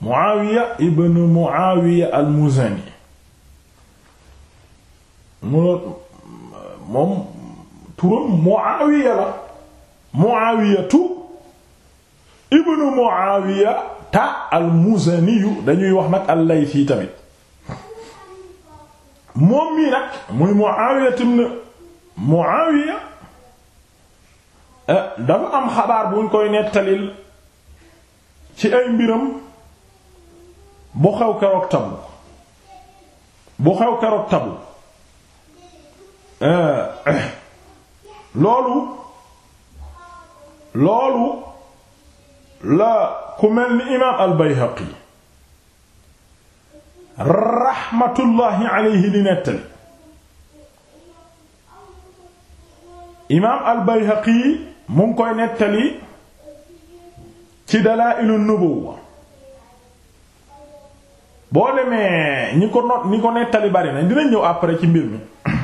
Muawiya ibn Muawiya al-Muzani munoon moom turam Muawiya la Muawiyatu ibn Muawiya ta al-Muzaniyu dañuy wax nag al-Laythi tamit moom mii nag muy Muawiya ibn Muawiya eh, dafa am xabaar buñ koy nettalil ci ay mbiram bu xew keroog tabu bu xew keroog tabu eh, loolu loolu la ku mel ni imaam al-Bayhaqi raxmatullaahi alayhi di nettali imaam al-Bayhaqi mu koy nettali ci Dalaa'ilu Nubuwwa boo demee ñi ko not ñi ñëw après ci mbir mi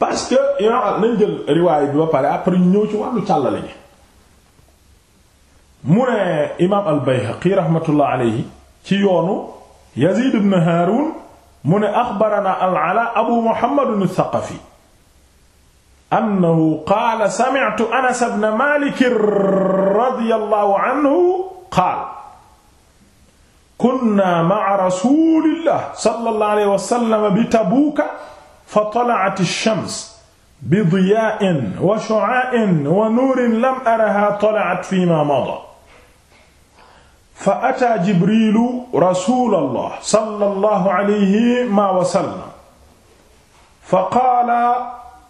parce que yow bi ba après ñu ñëw ci wàllu càllale ji mu al-Bayhaqi rahmatullah alayhi ci yoonu Yazid ibn Harun mu ne axbarana al-Ala Abu Muhammad al-Thaqafi annahu qaala sami'tu Anas ibn Malik radiyallahu kunna ma'a rasulillah sallallahu alayhi wa sallam bi tabuuka fa tala'at ash-shams bi diyaa'in wa shu'aa'in wa nuurin lam araha tala'at fiima madaa fa ataa jibrilu rasulallah sallallahu alayhi wa sallam fa qaala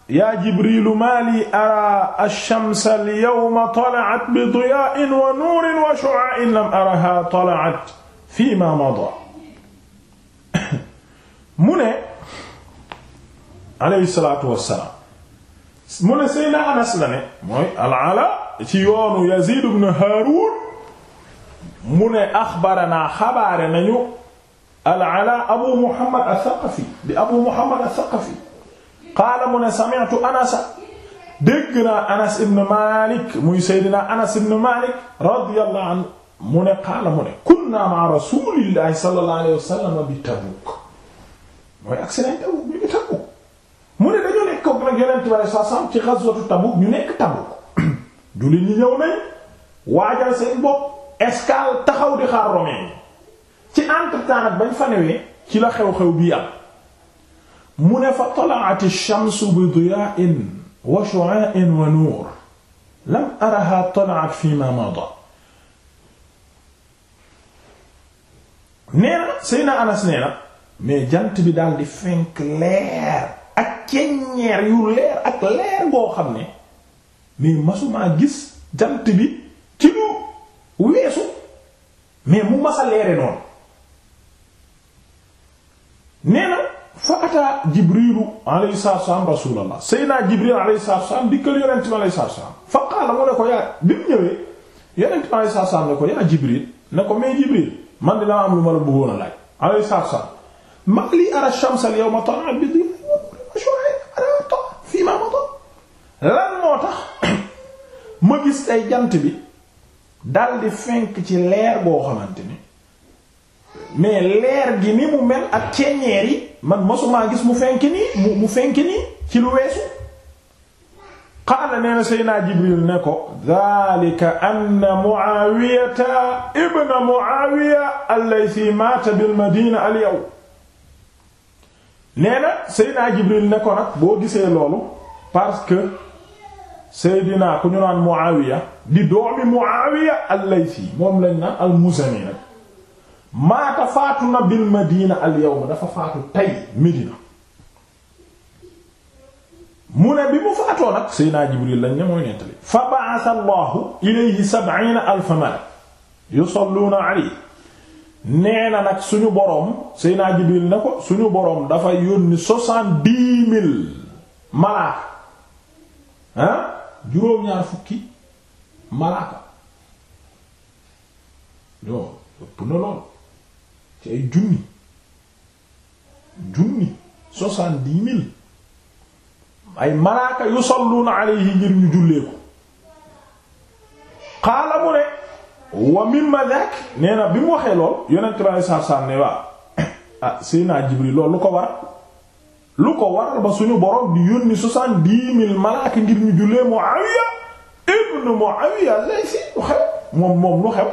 yaa jibrilu maa lii araa ash-shamsa al-yawma tala'at bi diyaa'in wa nuurin wa shu'aa'in lam araha tala'at fii ma mada mu ne alayhi salaatu wassalaam mu ne Seydina Anas la ne mooy al-Ala ci yoonu Yazid ibn Haarun mu ne axbaranaa xabaare nañu al-Ala Abu Muhammad al-Thaqafi di Abu Muhammad al-Thaqafi qaala mu ne sami'tu Anasa dégg naa Anas ibn Maalik muy Seydina Anas ibn Maalik radiyallahu anhu mu ne qaala mu ne kunna ma rasulillahi sallallahu alayhi wasallam bi Tabuk mooy agsi nañ Tabuk ñu ngi Tabuk mu ne dañoo nekk ko nag yonent bi sallallahu alayhi wasallam ci ghazwatu Tabuk ñu nekk Tabuk jullit ñi ñëw nañ waajal seen bopp escale taxaw di xaar romain ci entre-temps nag bañ fa newee ci la xew-xew bi am mu ne fa tala'at ash-shamsu bi diya'in wa shu'a'in wa nur lam araha tala'at fi ma mada nee na Seyna Anas nee mais jant bi daal di fenk leer ak ceññeer yu leer ak leer boo xam ne mais masumaa gis jant bi ci lu weesu mais mu mas leere noonu nee na fa ataa jibrilu rasuulallah Seyna jibril alayhi salaatu wassalaam dikkal yonent bi alayhi salaatu wassalaam fa mu ne ko yaa bi mu ñëwee yonent bi alayhi salaatu ne ko yaa jibril ne ko mais jibril man dinaa am lu ma la bëggoon a laaj alayhi salaatu wa salaam ma ara ash-shams al-yawma tala'at bi dimin wa shu'a'in ala to fii ma mata lan moo tax ma gis tey jant bi daldi fenk ci leer boo xamante ni mais leer gi ni mu mel ak ceñeer yi man gis mu fenk nii mu mu fenk ci lu weesu qaala nee na Seydina Jibril ne ko dhalika anna Muawiyata ibna Muawiya allaysi maata bil Madina al nee na Seydina Jibril ne ko nag boo gisee loolu parce que Seydina ku ñu naan Muawiya di doomi Muawiya allaysi moom lañ naan al maata faatu na bil Madina al yawm dafa faatu tey Medina mu ne bi mu faatoo nag Seydina Jibril lañ ne mooy nettali fa ba'atha Allahu ilayhi sab'iina alfa malak yusalluuna alayhi nee na nag suñu boroom Seydina Jibril ne ko suñu boroom dafa yónni soixante-dix mille malaaka ah juróom-ñaar fukki malaaka yo ëpp na lool ci ay junni mille ay malaaka yusalluuna alayhi ngir ñu jullee ko xaala mu ne wa mimma nee na bi mu waxee lool yonent bi saa saam ne waa ah Seydina Jibril loolu lu ko war lu ko waral ba suñu borom di yónni soixante-dix mille malaaka ngir ñu jullee Muawiya ibn Muawiya al-Laysi lu xew moom moom lu xew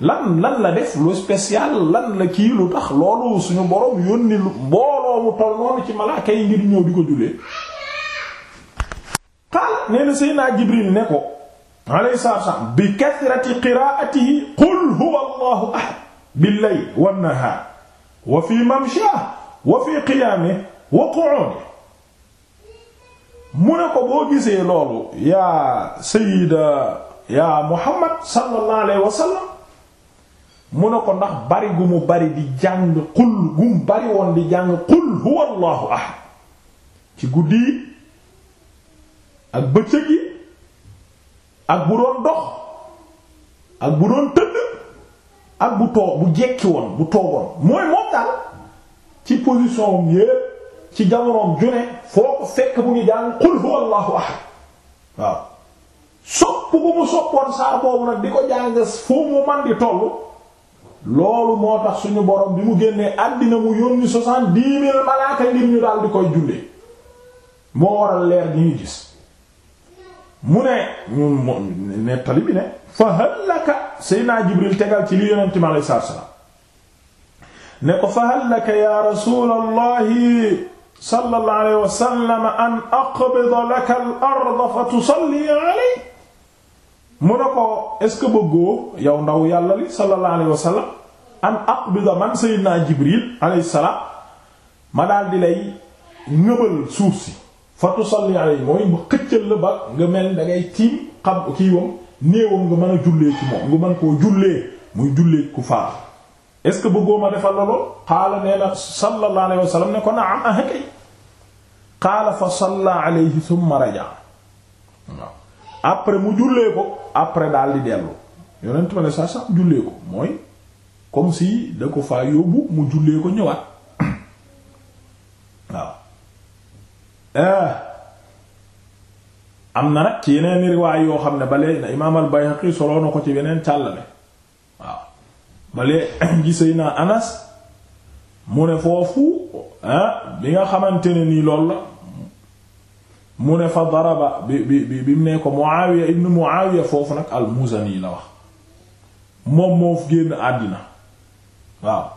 lan lan la def lu spécial lan la kii lu tax loolu suñu borom yónni lu mbooloo noonu ci malaaka yi ngir ñëw di ko jullee qaal nee na Jibril ne ko alayhi salaam bi kasrati qiraatihi qul huwa allahu ahad bil layl wan wa fi mamshaa wa fi qiyaamihi wa qu'uudihi mu ne ko boo gisee loolu yaa Sayyida yaa Muhammad sallallahu alayhi wa mu ne ko ndax bari gu mu bari di jàng qul gu mu bari woon di jàng qul huwa allahu ahad ci guddi ak bëccëg yi ak bu doon dox ak bu doon tëdd ak bu toog bu jekki woon bu toogoon mooy moom ci position yépp ci jamonoom ju ne foo ko fekk bu ngi jàng qul huwallahu ahad waaw sopp bu mu soppoon saa boobu nag di ko jàng foo mu man di tollu loolu moo tax suñu borom bi mu génnee àddina mu yónni soixante-dix mille malaaka ngir ñu daal di koy jullee moo waral leer gi ñu gis mu ne ñun nettali bi ne fa hal laka Seydina Jibril tegal ci li yonente mi alei salaatu salaam ne ko fa hal laka ya rasulallahi sallallahu alayhi wa an aqbida laka al fa tusalli alayhi mu ne ko est bëggoo yow ndaw yàlla li sallallahu alayhi wa sallam an aqbida man Seydina Jibril ma daal lay ngëbal suuf fa tusalli alayhi mooy mu xëccal la ba nga mel da ngay tiim xam kii wam néewam nga mën a jullee ci moom nga mën koo jullee muy jullee ku faar est-ce que bëggoo ma defal loolu qaala nee na sallallahu alayhi wa sallam ne ko na'am ah kay qaala fa salla alayhi thumma raja après mu jullee ko après daal di dellu yonent ma ne saa sax jullee ko mooy comme si da ko faa yóbbu mu jullee ko ñëwaat Eh. am na nag ci yeneen riwaay yoo xam ne balee na imaam al-Bayhaqi ko ci yeneen càllale waaw gise gisay naa Anas mu ne foofu eh, bi nga xamante ne nii loolu la mu ne fa daraba bi bi bi bi mu ne ko Muawiya ibn Muawiya foofu nag al-Muzani la wax moom moo génn àddina waaw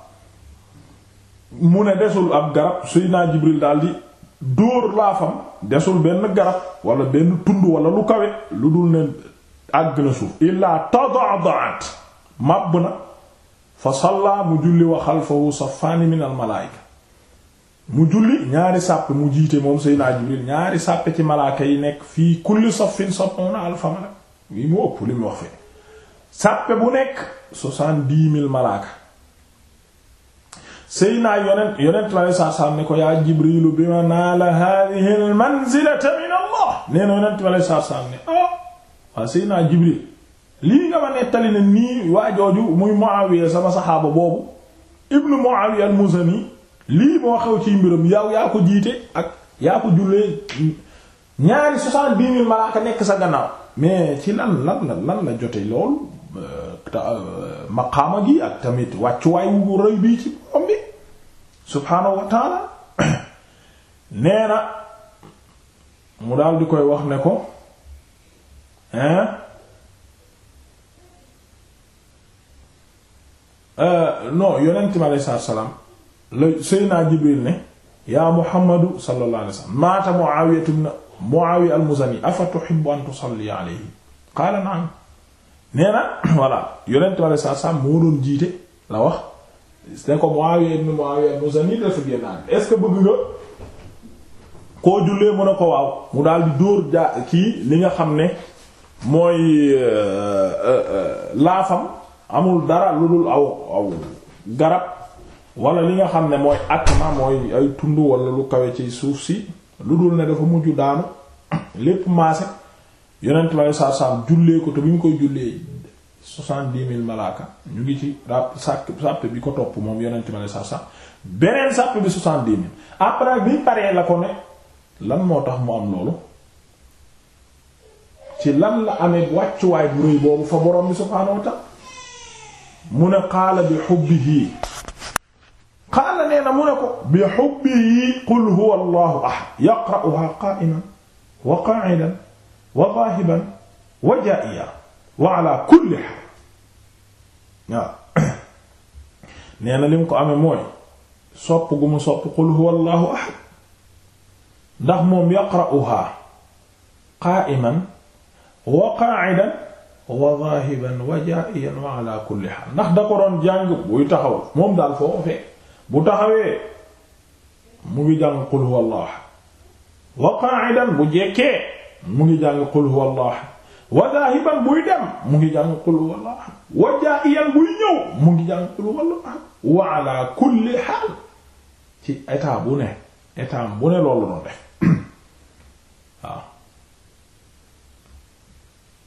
mu ne desul ab garab suy naa Jibril daldi dóor laafam desul benn garab wala benn tund walla lu kawe lu dul ne àgg na suuf illaa tadadaat màbb na fa salla mu julli wa xalfahu safaani min al malaayika mu julli ñaari sàppe mu jiite moom Seydina Jibril ñaari sàppe ci malaaka yi nekk fii kulli saffin sab'una alfa malak yi mu ëpp li mu wax fee sàppe bu nekk soixante-dix mille malaaka Seydina yonent yonent la saa saa ne ko yaa Jibrilu bi ma naa la hadhihi al manzilata min Allah nee na yonent la saa saa ma nettali ne sama saxaaba boobu ibnu Muawiya al ci mbiram yow yaa ko jiite ak yaa ko jullee nekk sa mais ci lan lan la jote loolu euh, euh, maqaama gi ak tamit wàccuwaay wu rëy ci borom bi subhaanahu wa nee na mu daal di koy wax ne ko hein euh, non yonent mi salaam la Seydina Jibril ne yaa Muhammadu sallallahu alayhi wa sallam maata Muawiya ibn Muawiya al-Muzani afa tuhibbu an tusalli alayhi qaala na'am nee na voilà yonent mi salaam moo doon jiite la wax ne ko Muawiya ibn Muawiya al-Muzani la fa génn est ce que bëgg nga koo jullee mën a ko waaw mu daal di dóor ja kii li nga xam ne mooy euh, euh, laafam amul dara lu dul aw aw garab wala li nga xam ne mooy atma mooy ay tund wala lu kawe ci suuf si lu dul ne dafa mujj daanu lépp maase yonent ma saa saam jullee ko te bi ñu koy jullee soixante-dix mille malaaka ñu ngi ci ràpp sàpp sàpp bi ko topp moom yonent ma ne sax sax beneen sàpp bi soixante-dix mille après bi paree la ko ne lan moo tax mu am loolu ci lan la amee wàccuwaay bu rëy boobu fa borom bi subhaanahu wa ta'ala mu ne qaala bi hubbihi qaala nee na mu ne ko bi hubbihi qul huwa allahu ahad yaqra'uha qa'iman wa qa'idan wa dhahiban wa ala waaw nee na li mu ko amee mooy sopp gu mu sopp qul huwa allahu ahad ndax moom yaqra'uha qa'iman wa qa'idan wa zaahiban wa jaa'iyan wa ala kulli haal ndax da ko doon jàng buy taxaw moom daal foo bu taxawee mu ngi jàng qul huwa allahu ahad wa qa'idan bu jekkee mu ngi jàng qul huwa allahu ahad wa buy dem mu ngi jàng qul huwallahu ahad wa jaa'iyan buy ñëw mu ngi jàng qul huwallahu ahad wa ala kulli haal ci état bu ne état bu ne loolu doon def waaw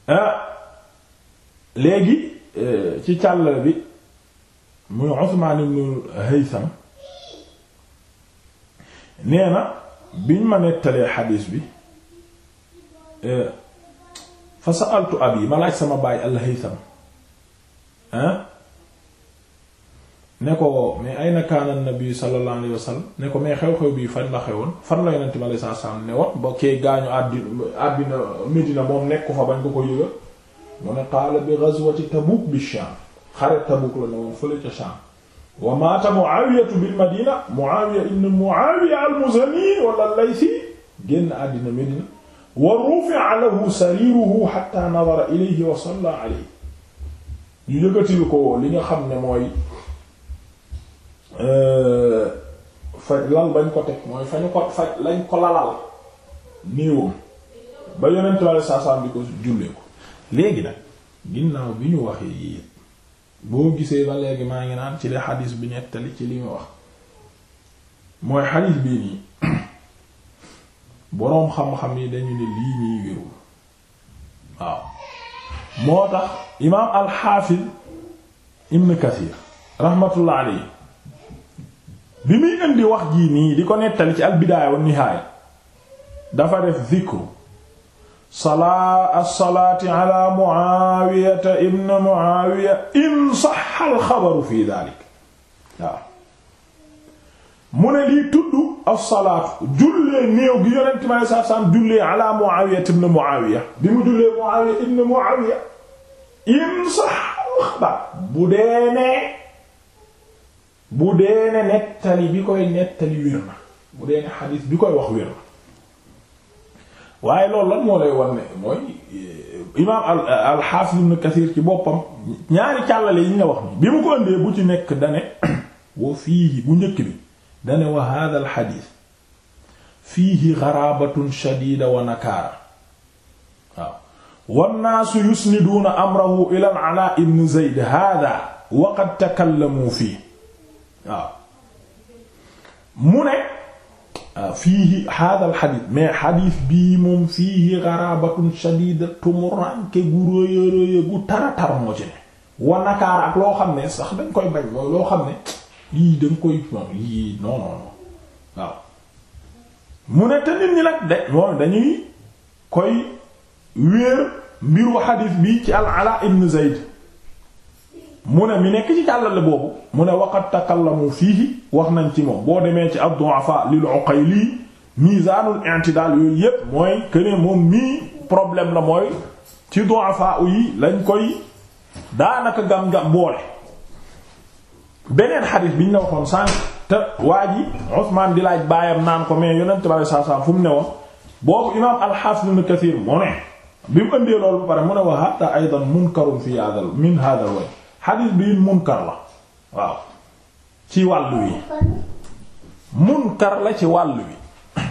ah. léegi eh, ci càll bi muy Usmaan ibn Haytham nee na biñ ma nettalee xadiis bi eh, fa sa'altu abi ma laaj sama baay al-Haytham ah ne ko mais ayna kaana nabi sallallahu alayhi ne ko mais xew-xew bii fan la xewoon fan la yonent bi alayhi salaam ne woon ba kee gaañu àddina Medina moom nekku fa bañ ko ko yëga mu ne qaala bi ghazwati Tabuk bi Sham xare Tabuk la ne woon fële ca Sham wa maata Muawiya bil Madina Muawiya ibn Muawiya al-Muzani wala al-Laythi génn àddina Medina wa rufi'a lahu sariiruhu hatta nadara ilayhi wa salla alayhi ñu yëkkatil ko li nga xam ne mooy euh, fa lal bañ ko teg mooy fa ñu ko fa lañ ko lalal néewam ba yonent bi alayhi salaam bi ko jullee ko léegi nag ginnaaw bi ñu yi yii boo gisee ba léegi maa ngi naan ci li xadiis bi nettali ci li mu wax mooy xadiis bii nii boroom xam-xam yi dañu ne lii ñuy wérul waaw moo tax imaam alxaafiz ibn kathir rahmatullah alayhi bi muy indi wax jii nii di ko nettali ci albidaaya wa nihaaya dafa def zikru salaa alsalaati ala muawiyata ibn muawiya in saxa alxabaru fi dalik waaw mu ne lii tudd as-salaatu jullee néew gi yonent mi alayhi salaatu salaam jullee ala Muawiya ibn Muawiya bi mu jullee Muawiya ibn Muawiya im sax xabar bu dee ne bu dee ne nettali bi koy nettali wér na bu dee ne xadiis bi koy wax wér na waaye loolu lan moo lay wan ne mooy eh, imaam eh, al-Hafiz ibn Kathir ci boppam ñaari càllale yi ñu nga wax ni bi mu ko ëndee bu ci nekk dane wa fii bu njëkk bi dane wa hada al xadiis fiihi xaraabatun shadiida wa nakaara waaw wannaasu yusniduuna amrahu ila alaa ibn zeyd hada wa qad takallamu fii waaw mu ne fiihi hada al xadiis mais xadiis bii moom fiihi xaraabatun shadiida tumuraanke gu rëya rëya gu tara tar moo ci ne wa nakaara ak loo xam ne sax dañ koy bañ mooy loo xam ne lii da nga koy bon lii waaw mu ne te nit ñi nag de moom dañuy koy wéer mbiru xadiis bi ci al ibn Zayd mu ne mi nekk ci jàllale boobu mu ne waqad takallamu fiihi wax nañ ci moom boo demee ci ad-du'afa lil Uqayli mizaanul i'tidaal yooyu yépp mooy que moom mii problème la mooy ci du'afa yi lañ koy daanaka gam-gam boole. beneen xadis bi ñu la waxoon sànq te waa ji Usmaan di laaj baayam naan ko mais yonent bi saa saa fu mu ne woon boobu imaam al-Hafiz Ibn Kathir mu ne bi mu ëndee loolu ba pare mu ne wa hatta aydan munkarun fi hadha min hadha waaw ci wàll wi munkar la ci wàll wi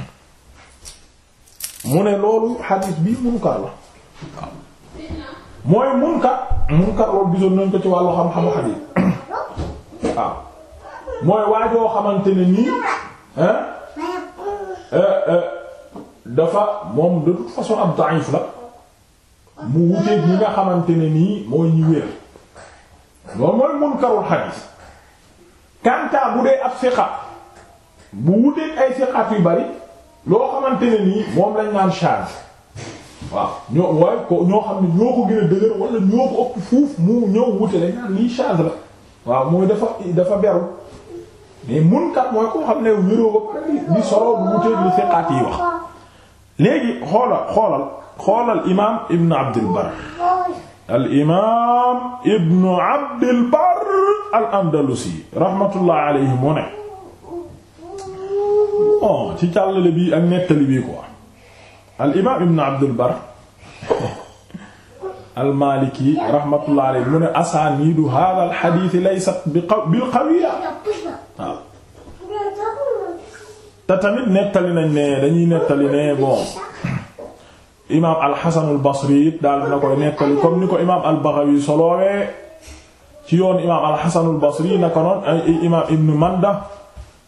mu ne loolu xadis bi munkar la mooy munkar munkar loolu gisoon nañ ko ci wàllu xam-xamu xadis. waaw mooy waajoo xamante ne nii euh, euh, dafa moom de toute façon ab da'if la mu wuteeg ñi nga xamante ne nii mooy ñi wér loolu mooy munkarul xadiis kanta bu dee ab siqa bu wuteeg ay siqaat yu bari loo xamante ne nii moom lañ naan charge waaw ñoo waaye ko ñoo xam ne ñoo ko gën a dëgër wala ñoo ko ëpp fuuf mu ñëw wute lañ naan lii charge la waaw mooy dafa dafa beru mais munkat mooy koo xam ne wéroo ba solo bu wuteeg li fiqaat wax léegi xoolal xoolal xoolal imaam ibnu abdul bar al imaam ibnu rahmatullah alayhi mu ne bon ci càllale bi ak nettali almaliki rahmatullah alayhi mu ne asaaniidu yi alxadiis laysat bi bil qawiya waaw te tamit nettali nañ ne dañuy nettali ne bon imaam alxasan albasri it daal na koy nettali comme ni ko imaam albaxawi soloowee ci yoon imaam alxasan albasri na ko noon ay imaam ibnu manda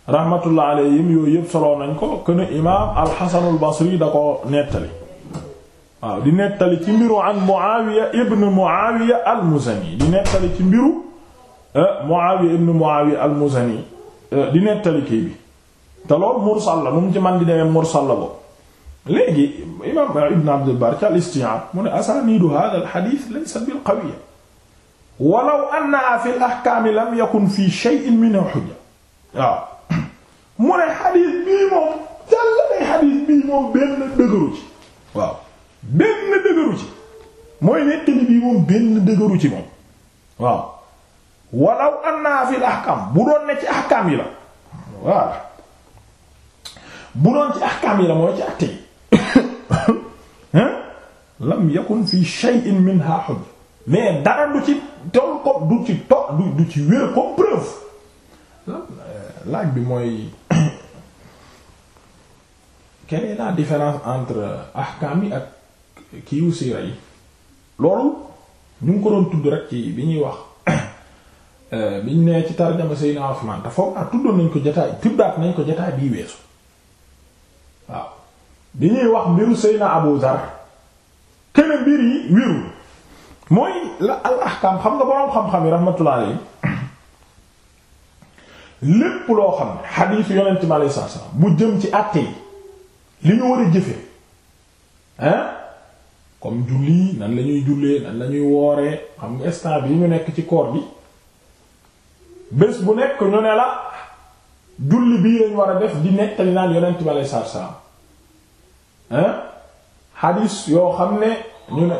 rahmatullah alayhim yooyu yëpp soloo nañ ko que ne imaam alxasan albasri da ko nettali waaw di nettali ci mbiru an Muawiya ibn Muawiya al-Muzani di nettali ci mbiru eh, Muawiya ibn Muawiya al-Muzani eh, di nettali kii bi te loolu mursal la mu ci man di demee mursal la boobu léegi imaam Ibn Abdul Barr ci mu ne asaaniidu haadha al-hadiith bil qawiyya walaw annahaa fil ahkaam lam yakun fii shay'in minhu hujja waaw mu ne xadiis bii moom jàll day xadiis bii benn dëgëru ci mooy nettali bii moom benn dëgëru ci moom waaw walaw anna fil ahkam bu doon ne ci ahkam yi la waaw bu doon ci ahkam yi la mooy ci àtte lam yakun fi shay'in minha hujja mais dara du ci tool du ci to du ci wér comme laaj bi mooy quelle la différence entre ahkam yi ak kiiwu siira yi loolu ñu ngi ko doon tudd rek ci bi ñuy wax euh, biñ nee ci tarjama Seydina Usmaan te foog naa tuddoon nañ ko jotaay tuddaat nañ ko jotaay bii weesu waaw bi ñuy wax mbiru sëy na Zar keneen mbir yi wéru mooy la al ahkaam xam nga boroom xam-xam yi rahmatullah alayhi lépp loo xam ne xadiisu yonent bi alayhi salaam bu jëm ci àtte yi li ñu war a jëfe hein comme julli nan lañuy ñuy jullee nan la ñuy xam nga instant bi ñu nekk ci koor bi bés bu nekk ñu ne la julli bii lañ war a def di nekkal naan yonent bi aleyhi salaatu salaam hein yoo xam ne ñu ne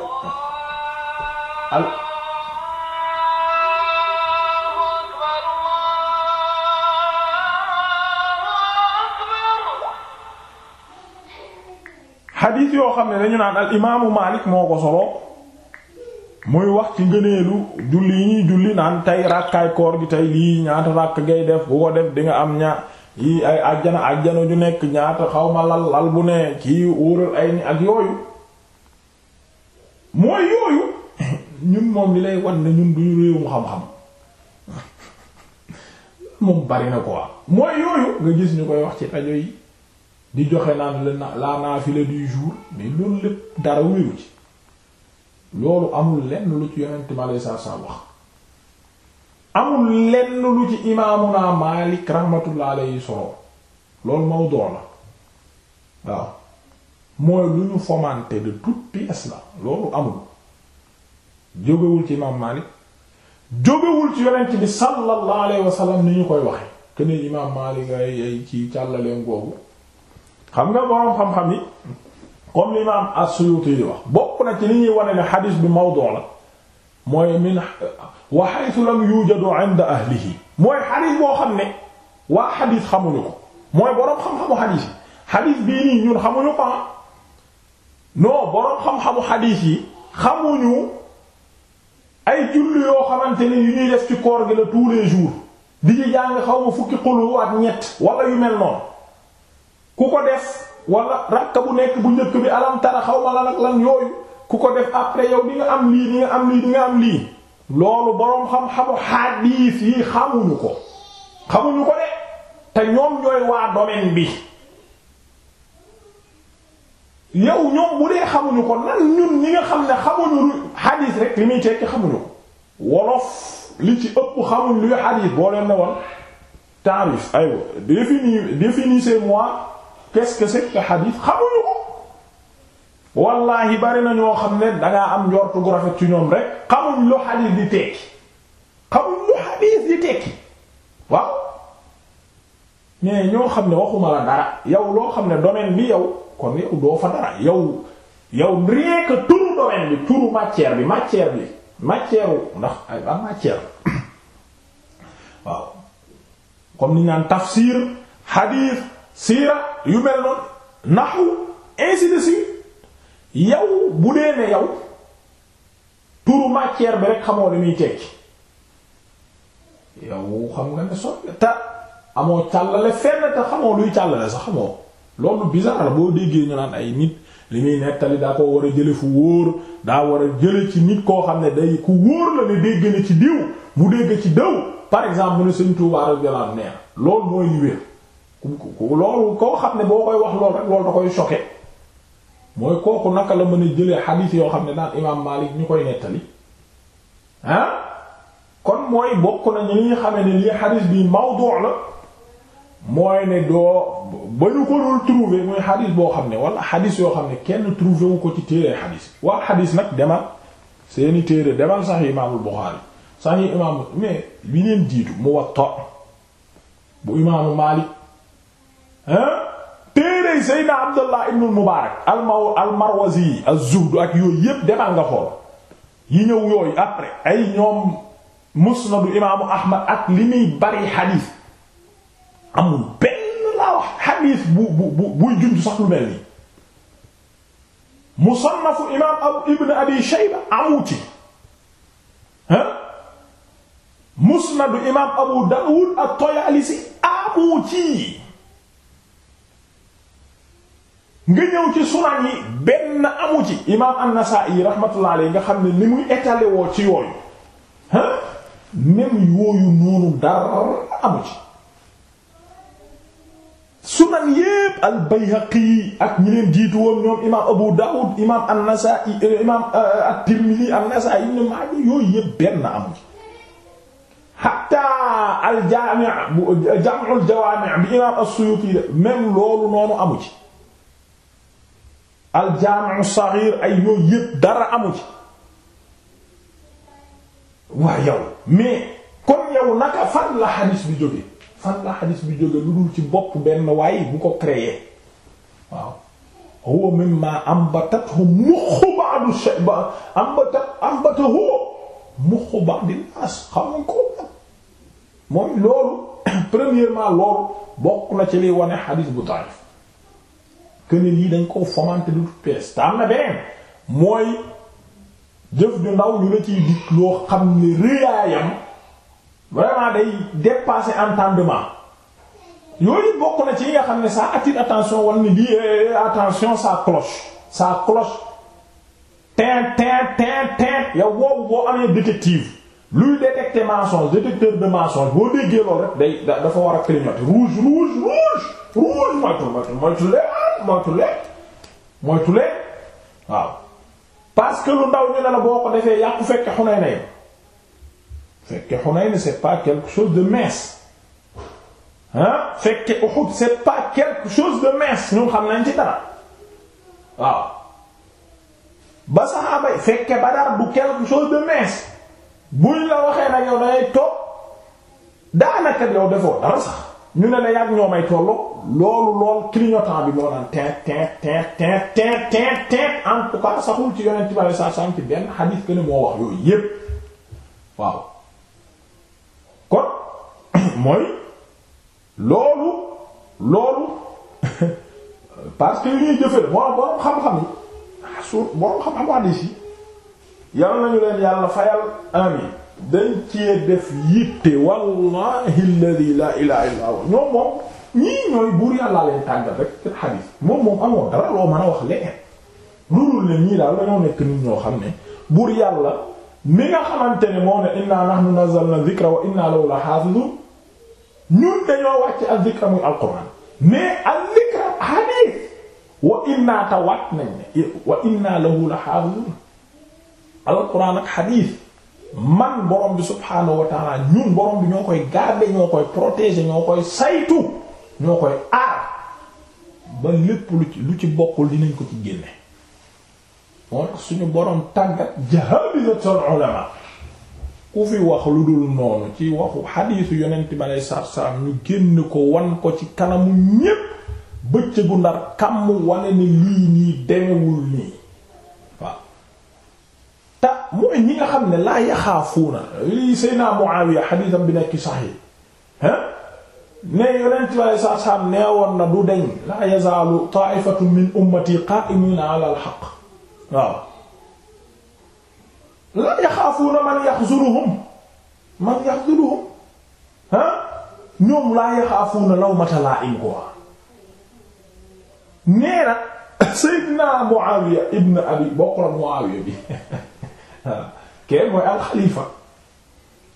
xadiis yoo xam ne dañu naan al imaamu Maalik moo ko solo muy wax ci ngëneelu julli yi ñuy julli naan tey ràkkaay koor gi tey lii ñaata ràkk ngay def bu ko def di nga am ña yi ay àjjana àjjana ju nekk ñaata xawma lal lal bu ne kii wóoral ay ni ak yooyu mooy yooyu ñun moom li lay wan ne ñun duñu réewum xam-xam moom bari na quoi mooy yooyu nga gis ñu koy wax ci rajo yi di joxe naan la naafila du jour mais loolu lépp dara wéru ci loolu amul lenn lu ci yonent mi aleyhi salaatu salaam wax amul lenn lu ci imaamuna Maalik rahmatullah alayhi solo loolu mawdu la waaw mooy lu ñu fomenter de toutes pièces la loolu amul jógewul ci imaam Maalik jógewul ci yonent bi sallallahu alayhi wa sallam ni ñu koy waxe keneen imaam Maalik ay ay ci càllaleen googu xam nga boroom xam-xam yi comme l'imam as-Suyuti yi wax bokk na ci li ñuy wane ne xadis bi mawdu la mooy min wa haythu lam yujadu xam ne waa xamuñu ko mooy boroom xam-xamu xadis yi xadis bii nii ñun xamuñu ko ah boroom xam-xamu xadis yi xamuñu ay julli yoo xamante ne yu ñuy def ci koor gi la tous les jours di ci jàng xaw ma fukki xulu ak ñett wala yu mel noonu ku ko def wala rakka bu nekk bu njëkk bi alam xaw ma la ak lan yooyu ku ko def après yow di nga am lii di am lii di nga am lii loolu boroom xam-xamu xadiis yi xamuñu ko xamuñu de te ñoom ñooy waa domaine bi yow ñoom bu dee xamuñu ko nan ñun ñi nga xam ne xamuñu xadiis rek li muy tekki xamuñu ko wolof li ci ëpp xamuñ luy xadiis boo leen ne woon taarif aywa défini définissez-moi qu'est-ce que c'est que xadiis xamuñu ko wallaahi bari na ñoo xam ne dangaa am njortu rafet ci ñoom rek xamuñ lu xadiis di tekki xamuñ lu xadiis di tekki waaw mais ñoo xam ne waxuma la dara yow loo xam ne domaine bi yow kon yow doo fa dara yow yow rien turu domaine bi turu matière bi matière bi matière wu ndax ay ba matière waaw comme ni naan tafsir hadith siira yu mel noonu naxu ainsi yaw suite yow bu dee ne yow turu matière bi rek xamoo li muy tekki yow xam nga ne sot te amoo càllale fenn te xamoo luy càllale sax xamoo loolu bizarre la boo déggee ñu naan ay nit li muy nettali daa ko war a jële fu wóor daa war a jële ci nit koo xam ne day ku wóor la ne dégg na ci diw mu dégg ci daw par exemple ne Sëriñ Tuubaa radiyallahu anhu nee loolu mooy li loolu koo xam ne boo koy wax loolu rek loolu da koy choqué mooy kooku naka la mën a jëlee xadiis yoo xam ne daan imaam Maalik ñu koy nettali ah kon mooy bokk na ñu ñuy xamee ne lii xadiis bi mawdu' la mooy ne doo ba ñu ko doon trouver mooy xadiis boo xam ne wala xadiis yoo xam ne kenn trouver ko ci téere xadiis bi waa xadiis nag demal seeni téere demal sax imaamul Buxaari sax imaam mais bi leen jiitu Muwatta bu imaamu Maalik téere Seydina Abdullah ibnul Mubaarak almaw almarwazi az ak yooyu yépp demal nga xool yi ñëw yooyu après ay ñoom musnadu imaamu Ahmad ak li muy bari xadiis amul benn laa wax xadiis bu bu buy junj sax mel nii musannafu imaam abu ibn abi shayba amu ci ah musnadu imaam abu daawud at-Tayaalisi amu ci nga ñëw ci sunan yi benn amu ci imaam an-Nasa'i rahmatullah nga xam ne ni muy étalé woo ci yooyu ah même yooyu noonu dara amu ci sunan yépp al-Bayhaqi ak ñi leen jiitu woon imaam Abu Dawud imaam an euh, imaam euh, at-Tirmidhi an-Nasa'i Ibn Maaja yooyu yépp benn amu ci hatta al-Jami' Jawami' bi imaam as-Suyuti loolu noonu amu ci. al jaami'u saghir ay yooyu yépp dara amu ci waa yow mais kon yow naka fan la xadis bi jóge fan la xadis bi jóge lu dul ci bokk benn waaye bu ko créer waaw huwa mimma ambatathu muxu ba'du shay ba ambatat ambatahu muxu ba'di nas xamuñ ko mooy loolu premièrement loolu bokk na ci liy wane xadis bu da'if këne lii dañ koo fomante du pees te am na beneen mooy jëf ju ndaw lu la ciy dikk loo xam ne rëyaayam vraiment day dépasser entendement yooyu bokk na ci yi nga xam ne ça attire attention wala ni lii eh, attention ça cloche ça cloche tin tin tin tin yow boobu boo amee détective luy détecter mensonge détecteur de mensonge boo déggee loolu rek day dafa war a clignoter rouge rouge rouge puul moytu moytu moytu leen moytu que lu ndaw ñu ne la boo ko defee yàqu fekke xunay na yow fekke xunay na c'est pas quelque chose de mince ah fekke Uhud c'est pas quelque chose de mince ñun xam nañ ci dara waaw ba saxaaba yi fekke Badar du quelque chose de mince buñ la waxee na yow dangay toog daanaka yow defoo dara sax ñu ne la yàgg ñoo may tolloo loolu lool clignotant bi moo naan teint teint teint teint teint teint teint en tout cas saxul ci yonent bi sallallahu alayhi wasallam benn xadiis que ne moo wax yooyu yépp waaw kon mooy loolu loolu parce que li ñuy jëfee moom boroom xam-xam yi ah, suur boroom xam-xam xadiis yi yàlla nañu leen yàlla fayal amiin dañ cee def yitte wallahi alladhi la illa huwa ñoom moom ñii ñooy buur leen tàggal rek ci xadiis moom moom amoon dara loo mën wax leneen loolu leen ñii daal dañoo nekk nit ñoo xam ne buur yàlla mi nga xamante ne moo ne inna nahnu nazzalna dhikra wa inna lahu lahafizun ñun dañoo wàcc az-zikra muy alquran mais az-zikra hadith wa inna tawaat nañ ne wa inna lahu lahafizun alquran ak hadith man borom bi subhaanahu wa ñun borom bi ñoo koy garder ñoo koy protéger ñoo koy saytu ñoo koy aar ba lépp lu ci lu ci bokkul dinañ ko ci génne moo tax suñu borom tàggat jahabizatul ulama ku fi wax lu dul noonu ci waxu xadiisu yonent bi aleyhi salaatu salaam ñu génn ko wan ko ci kanamu ñépp bëccëgu ndar kàmm wane ni lii nii demewul nii mooy ñi nga xam ne laa yaxaafuuna lii Seydina Muawiya xadiisam bi nekk saxiix ah ne yonent bi alayhi salaatu salaam nee woon na laa yazaalu taa'ifatun min ummatii qaa'imiina laa yaxaafuuna man laa yaxaafuuna nee na Seydina Muawiya ibn Abi bokk na Muawiya bi kee mooy alxalifa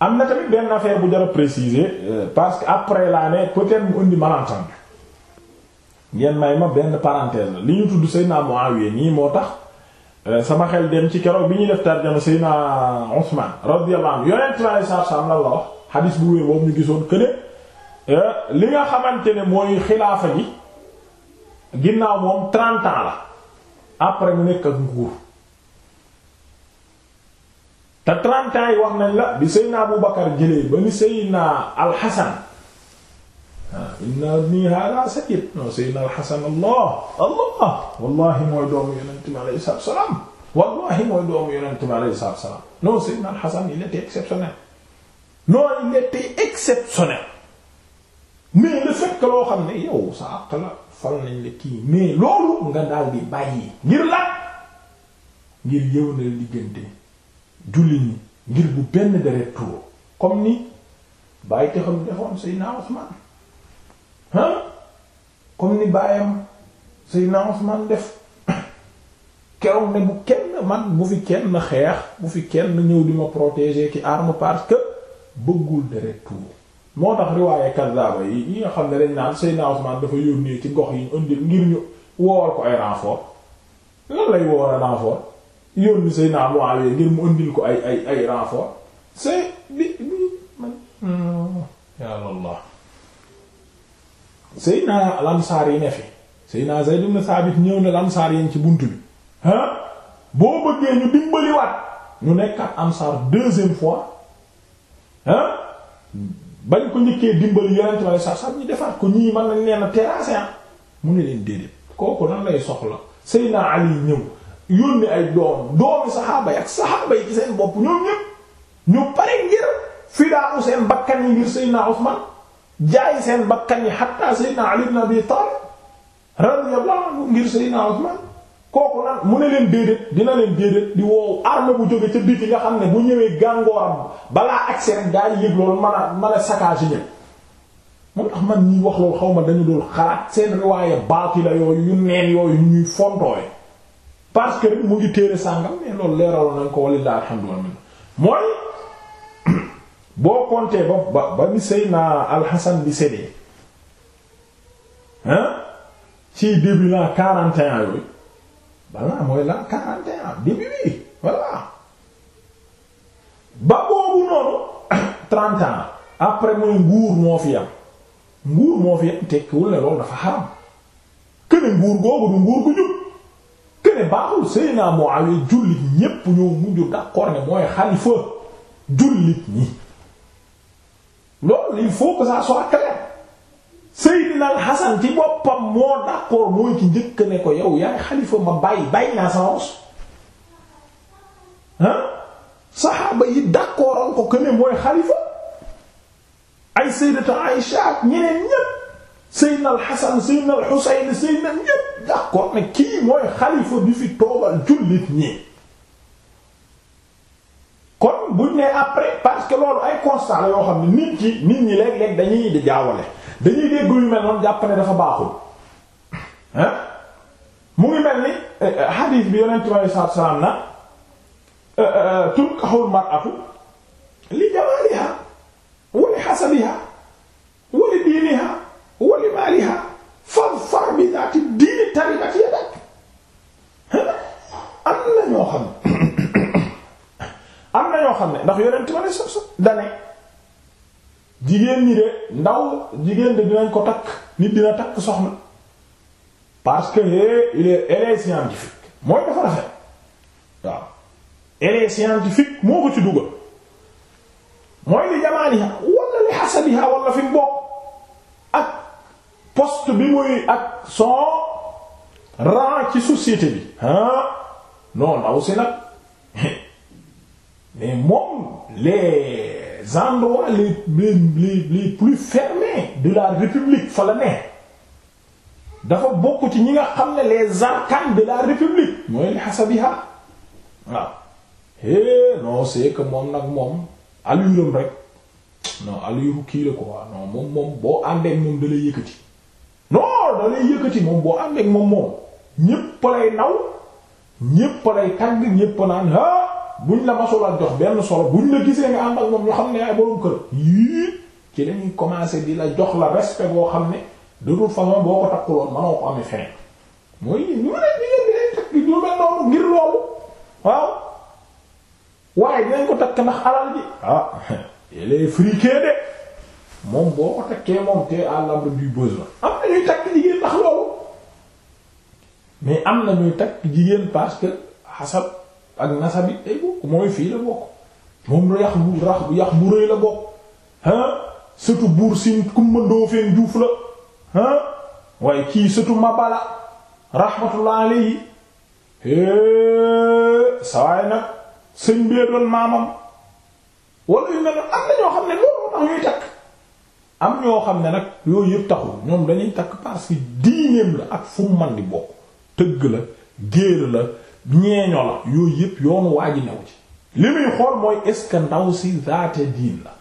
am na tamit benn affaire bu jar a préciser euh, parce que après laa ne peut-être mu indi malentendu ngeen may ma benn parenthèse li ñu tudd Seydina Muawiya ñii moo tax euh, sama xel dem ci keroog bi ñuy def tarjama Seydina Usman radiyallahu anhu yonent la salam la wax xadis bu wér boobu ñu gisoon que euh, li nga xamante ne mooy xilaafa gi ginnaaw moom 30 la après mu nekk ak nguur te 30 ans yi wax nañ la bi Seydina Abu Bakar jëlee ba ni Seydina Al-Hasan ah inna ibni hada sayyid non Seydina allah allah wallahi mooy doomu yonent bi salaam wallahi mooy doomu yonent bi salaam non Seydina Al-Hasan il était exceptionnel non il était exceptionnel mais loo xam ne yow sa àq la fal nañ la kii mais loolu nga daal di bàyyi ngir la ngir yëw na diggante jullit ñi ngir bu benn deret tuur comme ni bàyyi te xam defoon Seydina Usmaan ah comme ni bàyyam Seydina Usmaan def keroog ne bu kenn man bu fi kenn xeex bu fi kenn ñëw di ma protéger ki arme parce que bëggul deret tuur moo tax riwaaye kazaaba yi ñi nga xam ne dañ naan Seydina Usmaan dafa yónnee ci gox yi ñu ngir ñu woowal ko ay renfort lan lay woowal renfort yónni Seydina Muawiya ngir mu ëndil ko ay ay ay renfort c'est bi bi man hmm. yàlla Allah Seydina lamsaar yi ne fi Seydina Zayd ibn Sabit ñëw na lamsaar yi ci bunt bi ah boo bëggee ñu dimbaliwaat ñu nekk ak ansaar deuxième fois ah bañ ko njëkkee dimbali yonent ma sax sax ñu defaat ko ñii mën nañ leen a terrasser ah. mu ne leen déedéet kooku nan lay soxla Seydina Ali ñëw yónni ay doom doomi saxaaba yi ak saxaaba yi ci seen bopp ñoom ñépp ñu pare ngir fidaa seen bakkan yi ngir Seydina Usman jaay seen bakkan yi hatta Seydina Ali ibn Abi Talib radiyallahu anhu ngir Seydina Usman kooku nag mu ne leen déedéet dina leen déedéet di woowu arme bu jóge ca biti nga xam ne bu ñëwee gàngooram balaa ak seen gaa yi yëg loolu mën a mën a saccage ñëpp moo tax man ñuy wax loolu xaw ma dañu doon xalaat seen riwaaye baatila yooyu yu neen yooyu parce que mu ngi téere sàngam mais loolu leeraloon nañ ko walilah alhamdulilah mooy boo compter ba ba ni Seydina Alxasan bi séddee ah ci début la 41 yooyu balaa mooy la 41 début bi voilà ba boobu noonu 30 ans après mooy nguur moo fi am nguur moo fi am tekkiwul ne loolu dafa xaram que nguur googu du nguur gu jub. ne baaxul Seydina Muawiya jullit ñépp ñoo mujj d'accord ne mooy xalifa jullit ñi loolu il faut que ça soit clair Seydina Al-Hasan ci boppam moo d'accord mooy ki njëkk ne ko yow yaay xalifa ma bàyyi bàyyi naa sa os ah saxaaba yi d'accordoon ko que mooy xalifa ay Sayyidatu Aïcha ñeneen ñépp Seydina al Hasan Seydina al Husayn Seydina ñépp d'accord ne kii mooy xalifa bi fi toogal jullit ñi kon buñ ne après parce que loolu ay constat la yoo xam ne nit ki nit ñi léeg-léeg dañuy di jaawale dañuy dégg yu mel noonu jàpp dafa baaxul mu ngi mel ni eh, eh, hadith bi yonent bi salaam na eh, tunkahul mar'atu li jamaliha wa li hasabiha wa diiniha wali maaliha fadfar bi daati diini taribat yadak am na ñoo xam am na ñoo xam ne ndax yonent ma ne sab sab dane jigéen ñi de ndaw jigéen de dinañ ko takk nit dina takk soxna parce que eh, il est scientifique moo ko ci dugal mooy li jamaaniha wala li hasabiha wala fi mbokk poste bi muy ak son rang ci société bi ah non ndaw si nag mais moom les endroits les les les plus fermés de la république fa la ne dafa bokk ci ñi nga xam ne les arcanes de la république mooy li xasabiha waaw eh non c'est que moom nag moom alluram rek non alluru kii la quoi non moom moom boo àndee moom da yëkkati. non da lay yëkkati moom boo amee ak moom moom ñépp lay naw ñépp lay tagg ñépp naan ah buñ la masolaat jox benn solo buñ la gisee nga ànd ak moom ñu xam ne ay borom kër yii ci lañuy commencer di la jox la respect boo xam ne de toute façon boo ko takkuloon mënoo ko amee feneen mooy ñu ne ne ñu ne noonu ngir loolu waaw waaye ko takk ndax alal ji ah il est de. moom boo ko takkee moom te à l'abri du besoin am na ñuy takk jigéen ndax loolu mais am na ñuy takk jigéen parce que xasab ak nasab it ay bokk mooy fii la bokk moom yax bu rax bu yax bu rëy la bokk hein sëtu buur siin kumba ndoofeen juuf la hein waaye kii sëtu mabala rahmatullah alayhi eh, sawaay nag sëñ bee maamam wala yu mel am na ñoo xam ne loolu moo tax ñuy takk am ñoo xam ne nag yooyu yëpp taxul ñoom dañuy takk parce que diineem la ak fu mu man di bokk tëgg la géer la ñeeño la yooyu yëpp yoonu waa new ci li muy xool mooy est-ce ndaw si zaate diin la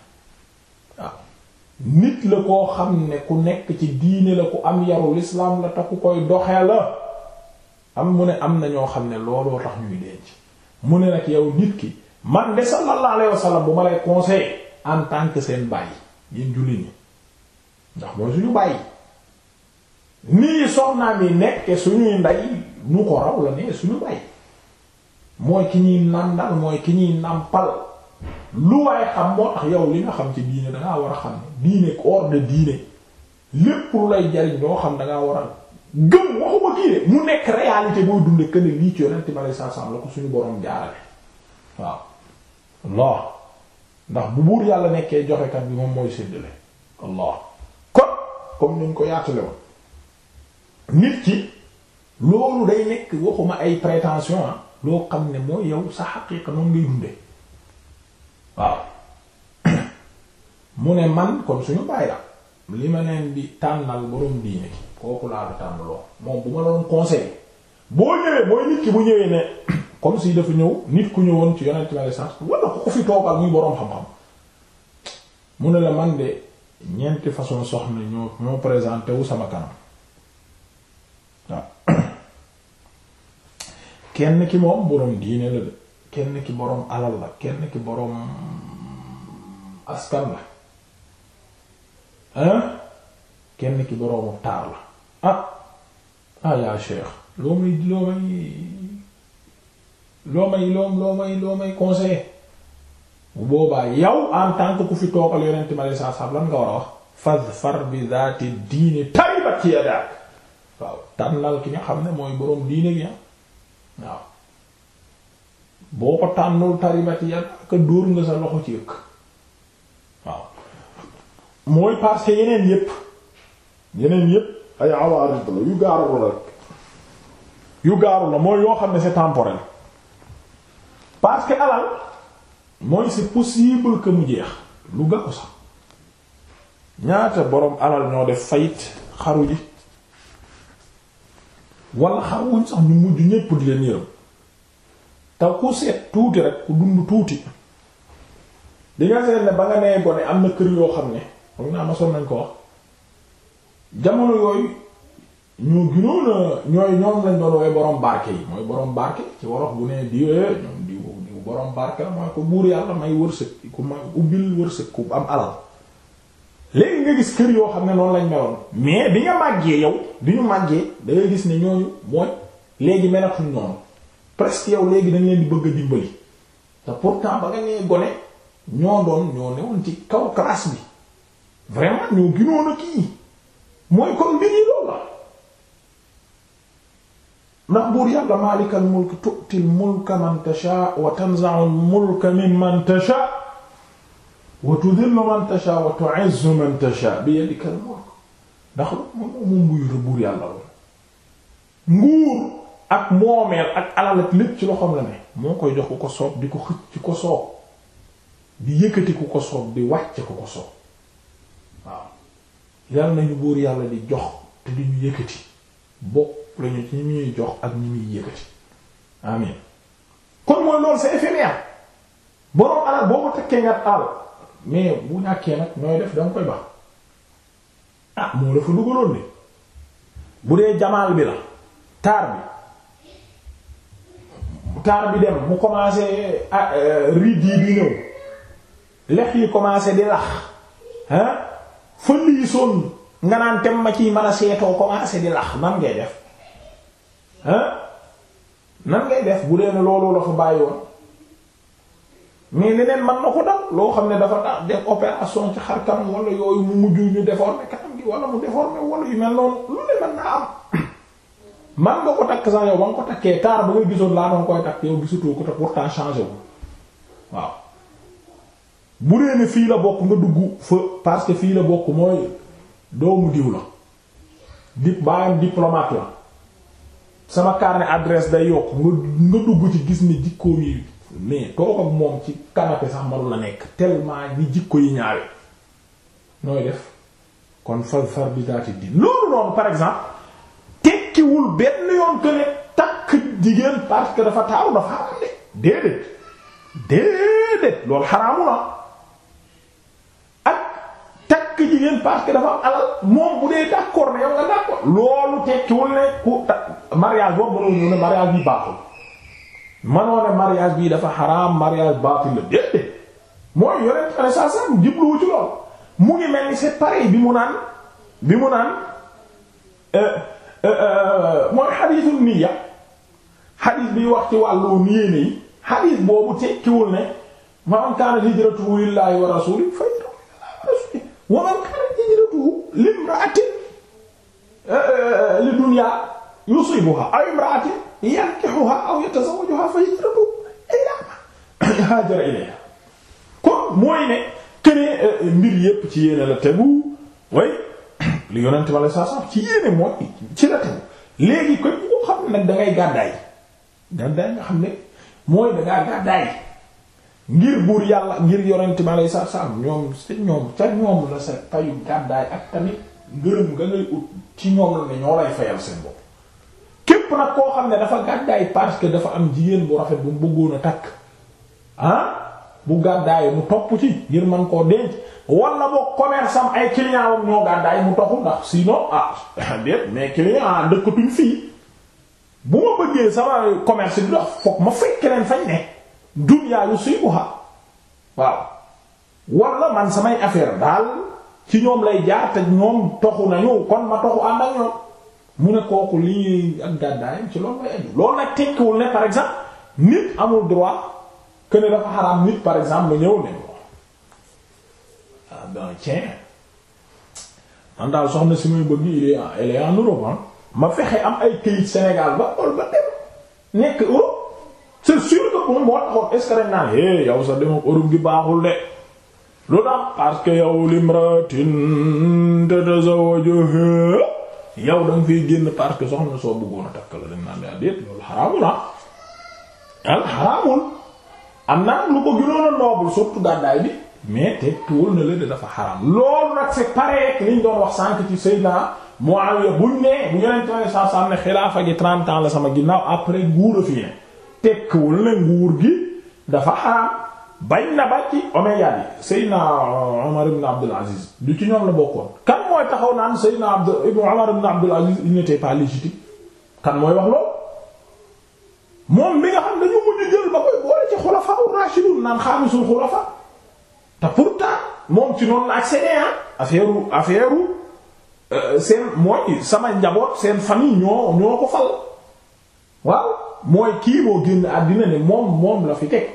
waaw nit la koo xam ne ku nekk ci diine la ku am yarul islaam la te ku koy doxee la am mu ne am na ñoo xam ne looloo tax ñuy denc mu ne nag yow nit ki man de sallallahu alayhi wasallam bu ma lay conseiller en tant que seen bàyyi ngeen julli nii ndax mooy suñu bàyyi nii soxnaam yi nekk suñuy ndey ñu ko raw la ne suñu bàyyi mooy ki ñuy nàndal mooy ki ñuy nàmpal lu waaye xam moo tax yow li nga xam ci diine dangaa war a xam ne diine hors de diine lépp lu lay jariñ doo xam dangaa war a gëm waxuma diine mu nekk réalité booy dunde que lii ci yonent bi alei sat la ko suñu boroom jaarale waaw ndax bu buur yàlla nekkee joxekat bi moom mooy séddale Allah comme niñ ko yaatale woon nit ki loolu day nekk waxuma ay prétention ah, loo xam ne mooy yow sa xaqiiqa noonu ngay dunde waaw mu ne man kon suñu bàyyi la li ma neen bi tànnal borom diine ki kooku laa la tànnaloo moom bu ma doon conseil boo ñëwee mooy nit ki bu ñëwee ne comme si dafa ñëw nit ku ñëwoon ci yonent la sens wala ku ko fi toogal muy boroom xam-xam mu ne la man de ñeenti façon soxna ñoo ñoo présenté wu sama kanam waaw kenn ki moom boroom diine la de kenn ki boroom alal la kenn ki boroom askan la hein kenn ki boroomu taar la ah ah yaa cheikh loo loo may loo may loo may loo may conseiller bu boobaa yow en tant ku fi toogal yonent ma saa saab lan nga war a wax fadfar bi zaati diini taribat yadak waaw tànnal ki nga xam ne mooy boroom diine gi ah. waaw boo ko tànnul taribat yadak dóor nga sa loxo ci yëkk waaw mooy parce yeneen yépp yeneen yépp ay awaarid la la yu gaaru la mooy yoo xam ne c'est temporel parce que alal mooy c'est possible que mu jeex lu gaaw sax ñaata boroom alal ñoo def fayit xaru ji wala xaruñ sax ñu mujj ñépp di leen yërëm te ku seet tuuti rek ku dund tuuti di seet ne ba nga nee gone am na kër yoo xam ne foog naa ma son nañ ko wax jamono yooyu ñoo ginoona ñooy ñoom lañ doon woowee boroom barke yi mooy boroom barke ci wolof bu nee di ñoom borom barke la mooy ko buur yàlla may wërsëg ku may ubbil wërsëg ku am alal léegi nga gis kër yoo xam ne noonu lañ meloon mais bi nga màggee yow bi ñu màggee da gis ne ñooñu mooy léegi melatuñ noonu presque yow léegi dañ leen di bëgg a dimbali te pourtant ba nga nee gone ñoo doon ñoo newoon ci kaw classe bi vraiment ñoo ginoon a kii mooy comme bi nii loolu la. ndax buur yàlla maalikal mulki tu'til mulka man wa tanza'ul mulka mimman tasha wa tudhillu man tasha wa tu'izzu man tasha bi yadikal mulk ndax moom moom buy yore buur yàlla lool nguur ak moomeel ak alal ak lépp ci loxoom la ne moo koy jox ku ko soob di ko xëcc ci ko soob di yëkkati ku ku ko soob waaw yàlla nañu buur yàlla di jox te di ñu yëkkati bokk lañu ci ñuy jox ak ñi muy yëkkati amin kon mooy loolu c'est éphémère boroom alal boo ko tekkee nga alal mais bu ñàkkee nag nooy def danga koy baax ah moo la dugaloon de bu dee jamaal bi la taar bi taar bi dem mu commencé ah, euh, riid yi di ñëw lex yi commencé di lax hein fël yi sonn nga naan tem ma ci mën a seetoo commencé di lax man ngay def nan ngay def bu dee ne loolu la fa bàyyi woon mais leneen man na ko dal loo xam ne dafa daal def opération ci xar kanam wala yooyu mu mujj ñu déformé kanam gi wala mu déformé wala yu mel noonu lu ne mën naa am man nga ko takk sax yow ba nga ko takkee taar ba nga gisoon laa doon koy takk yow gisatoo ko te pourtant changé wu waaw bu dee ne fii la bokk nga dugg fa parce que fii la bokk mooy doomu diw la di baayam diplomate la sama carnet adresse day yokk nga nga dugg ci gis ni jikkoom yi mais toog ak moom ci canapé sax manu la nekk tellement ni jikko yi ñaawe nooy def kon far bi daati di loolu noonu par exemple tekkiwul benn yoon que ne takk jigéen parce que dafa taaru dafa xaram déedéet déedéet loolu xaraamu na ah. jigéen parce que dafa am alal moom bu dee nga loolu tekkiwul ne ku mariage boobu mënoo ñu bi dafa xaraam mariage baaxul la déedéet mooy mu ni c'est bi mu naan bi mu naan euh, euh, euh, mooy xadiisul niyya xadiis bi wax ci wàllu yéene yi xadiis boobu tekkiwul ne man kaanat hijratuhu lillaahi wa rasuulihi wa man kanat hijratuhu limra'atin eh, eh, li dunya yusibuha aw imra'atin yankihuha aw yatazawwajuha fa hijratuhu ilaa ma haajara kon mooy ne keneen eh, mbir yépp ci yéene la tegu way li yonent ma la saa sax ci yéene mooy ci la tegu léegi koy bu ko xam ne dangay gàddaay gàddaay nga xam ne mooy dangaa gàddaay ngir buur yàlla ngir yonent ma sa sax saam ñoom ci ñoom ca la sa payu gàddaay ak tamit ngërëm nga ngay ut ci ñoom la ne ñoo lay fayal seen bopp képp nag koo xam ne dafa gàddaay parce que dafa am jigéen bu rafet bu mu bëggoon a takk ah bu gàddaay mu topp ci ngir man koo denc wala boo commerce am ay client wam ñoo gàddaay mu toxu ndax sinon ah déet mais client ah fii bu ma bëggee sama commerce bi dox foog ma fekk leen fañ ne dunya yusibuha waaw walla man samay affaire daal ci ñoom lay jaar te ñoom toxu nañu kon ma toxu ànd ak ñoom mu ne kooku lii ak gàddaayam ci loolu lay aju loolu nag tekkiwul ne par exemple nit amul droit que ne dafa xaraam nit par exemple mu ñëw ne ah ben man daal soxna si muy bëgg il en elle est en Europe ah. ma fexe am ay këyit Sénégal ba xool ba dem nekk c'est sûr que moom moo taxoon est-ce que naan é eh, yow sa dema Europe gi baaxul de lu tax parce que yow limratin tatazawwajuha eh, yow da nga fiy génn parce que soxna soo bëggoon a takk la dañ naan daa eh, déet loolu xaraamul ah am naa lu ko gënoon a noobul surtout gàddaay bi mais te tuwul na leen dafa xaraam loolu nag c'est pareil ak liñ doon wax sànk ci Seydina Muawiya buñ ne bu ñu leen tawee saa saa ne xilaafa gi 30 ans la sama ginnaaw après guur a fi ne tekkiwul ne nguur gi dafa xaraam bañ na ba ci Omeyyades yi Omar ibn Abdul Aziz du ci ñoom la bokkoon kan mooy taxaw naan Seydina Abd Omar ibn Abdul Aziz il n'était pas légitime kan mooy wax loolu moom mi nga xam dañu mujj jël ba koy boole ci xulafa rashidun naan xaamisul xulafa te pourtant moom ci noonu la accédé ah affaire affaire euh, seen mooy sama njaboot seen famille ñoo ñoo ko fal waaw. mooy kii moo génn àddina ne moom moom la fi teg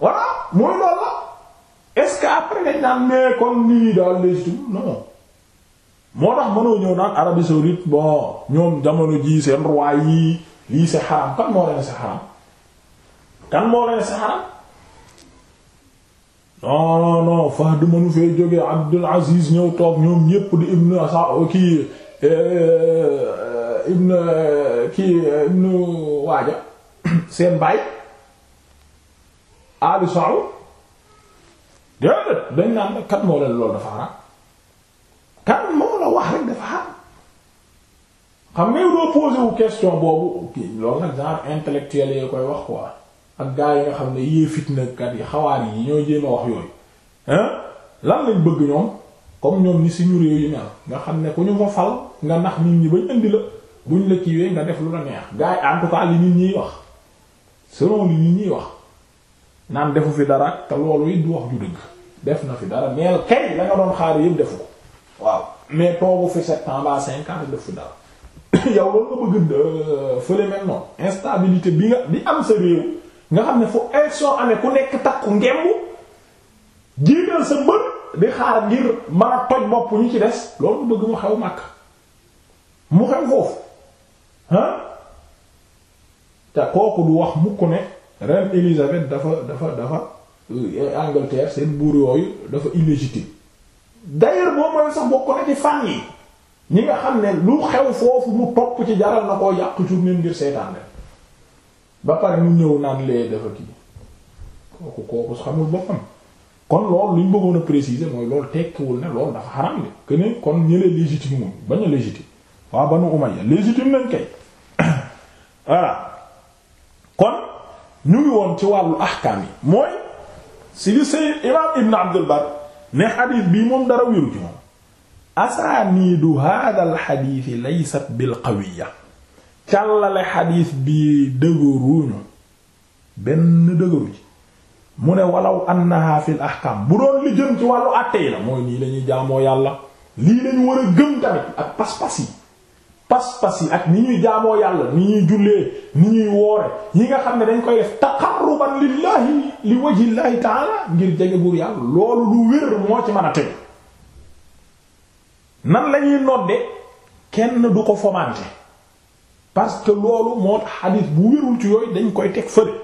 voilà mooy loolu la est après dañ naan kon nii daal légitime non moo tax mënoo ñëw naan Arabie saoudite bon ñoom jamono ji seen roi yi lii c'est xaram kan moo leen c'est xaram kan moo leen c'est xaram non non non Fahd mënu fee jóge Abdul Aziz ñëw toog ñoom ñépp di ibnu sa kii euh, ibn eh, kii eh, ibn waaja seen baay aali dañ naan kat moo leen loolu dafa xaraam kan moo la wax rek dafa xaraam xam nga doo posé question boobu kii loolu nag genre intellectuel yi koy wax quoi ak gars yi nga xam ne yee fitnakat yi xawaar yi ñoo jéem wax yooyu hein lan lañ bëgg ñoom comme ñoom ni suñu réew yi mel nga xam ne ku ñu fa fal nga nax nit ñi bañ indi la buñ lekk kiiwee nga def lu la neex gars yi en tout cas li nit ñiy wax selon li nit ñiy wax naan defu fi dara te loolu it du wax ju dëgg def na fi dara neel kay la nga doon xaar yëpp defu ko waaw mais toogu fi sept ans ba cinq ans def fi dara yow loolu nga bëgg euh, fële mel noonu instabilité bi nga bi am sa réew nga xam ne fu soo amee ku nekk takku ngemb jiital sa bët di xaar ngir man a toj bopp ñu ci des loolu bëgg mu xew màkk mu xew foofu ah te kooku du wax mukk ne ren Élisabeth dafa dafa dafa euh, Angleterre seen buur yooyu dafa illégitime d'ailleurs boo mooy sax bokk na ci fan yi ñi nga xam ne lu xew foofu mu topp ci jaral na koo yàq journée ngir seetaan ba pare mu ñëw naan lee dafa kii kooku kooku xamul boppam kon loolu li ñu bëggoon a préciser mooy loolu tekkiwul ne loolu dafa xaram de que kon ñëlee légitime moom bañ a légitime waaw Banu Umayya légitime nañ kay voilà kon ñu woon ci wàllu ahkaam yi mooy si li say imaam ibn abdul bar ne xadiis bii moom dara wéru ci moom asaaniidu hada al xadiisi laysat bil qawiya càllale xadiis bi dëgëruñu benn dëgëru ci mu ne walaw annaha fil ahkaam bu doon li jëm ci wàllu àtte yi la mooy nii lañuy jaamoo yàlla lii lañu war a gëm tamit ak pas-pas yi pas-pas yi ak ni ñuy jaamoo yàlla ni ñuy jullee ni ñuy woore yi nga xam ne dañ koy def taqarruban lillahi li wajhillahi ta'ala ngir jege buur yàlla loolu lu wér moo ci mën a teg nan lañuy nodde kenn du ko fomante parce que loolu moo xadiis bu wérul ci yooyu dañ koy teg fële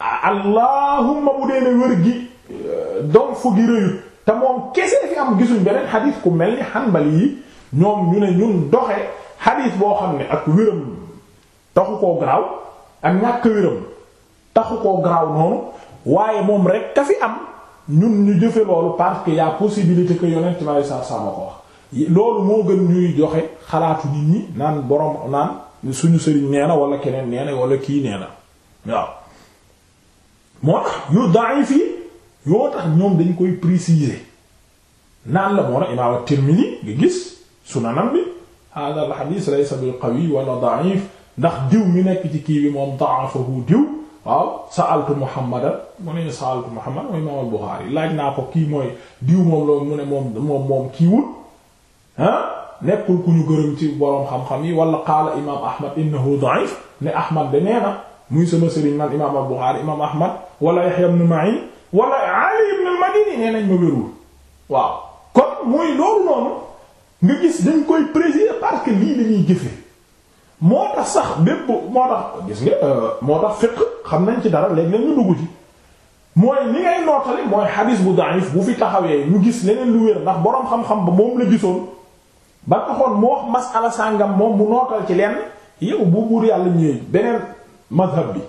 allahumma bu dee ne wér gi euh, donc fu gi rëyut te moom kese fi am gisuñ beneen xadiis ku mel ni xanbali yi ñoom ñu ne ñun doxe xadiis boo xam ne ak wéram taxu koo garaaw ak ñàkk wéram taxu ko garaaw noonu waaye moom rek a fi am ñun ñu jëfe loolu parce que y a possibilité que yonent ma sa sama ko wax loolu moo gën ñuy joxe xalaatu nit ñi naan borom naan suñu sëriñ nee na keneen nee wala kii nee na waaw moo tax yu daif yi yoo tax ñoom dañ koy préciser naan la moo tax imaam Tirmidhi nga gis sunanam bi hada al hadith laysa bil qawi wala da'if ndax diw mi nekk ci kii bi moom da'afahu diw waaw sa'altu muhammadan mu ne sa'altu muhammad mooy imaam al buxaari laaj naa ko kii mooy diw moom loolu mu ne moom moom moom kiiwul ah nekkul ku ñu gërëm ci boroom xam-xam yi wala qaala imaam ahmad innahu da'if ne ahmad de nee na muy sama sëriñ man imaam al buxaari imaam ahmad wala yahya ibn ma'in wala ali ibn al madini nee nañ ma wérul waaw kon muy loolu noonu nga gis dañ koy présider parce que lii dañuy jëfe moo tax sax bépp moo tax gis nga euh, moo tax fiqh xam nañ ci dara léegi nag ñu dugg ci mooy li ngay nootale mooy xadis bu da'if bu fi taxawee ñu gis leneen lu wér ndax boroom xam-xam ba moom la gisoon ba taxoon mu wax ala sàngam moom mu nootal ci lenn yow bu buur yàlla ñëwee beneen madhab bi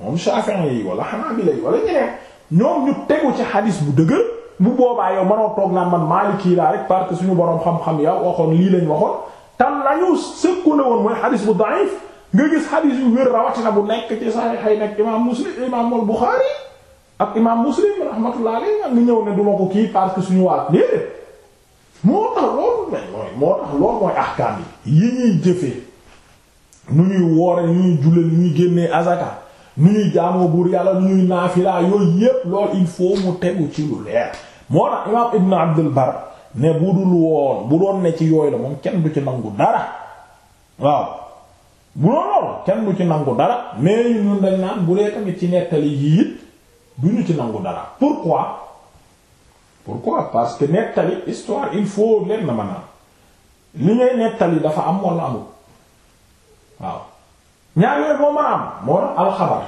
moom Shafi'i yi wala Hanabila yi wala ñeneen ñoom ñu tegu ci xadis bu dëgër bu boobaa yow mënoo toog naan man Maliki laa rek parce suñu borom xam-xam ya waxoon lii lañ waxoon tam lañu sëkkule woon mooy xadis bu da'if nga gis xadis yu wér rawatina bu nekk ci saxiixay nekk imaam Muslim imaamul Buxaari ak imaam Muslim rahmatullahi alayhi nga ñëw ne duma ko kii parce suñu waat déedéet moo tax loolu mooy moo tax loolu mooy ahkaam yi yi ñuy jëfee nu ñuy woore nu ñuy jullee nu ñuy génnee azaka nu ñuy jaamoo buur yàlla nu ñuy naafilaa yooyu yépp loolu il faut mu tegu ci lu leer moo tax imaam ci yooyu la kenn du ci nangu dara waaw kenn du ci nangu dara mais ñun dañ naan bu dee tamit ci nettali yi it du ñu ci nangu dara pourquoi pourquoi parce que nettali histoire il faut leen na mën a li ngay nettali dafa am wala amul waaw ñaar yooyu moo mën a am moo tax alxabar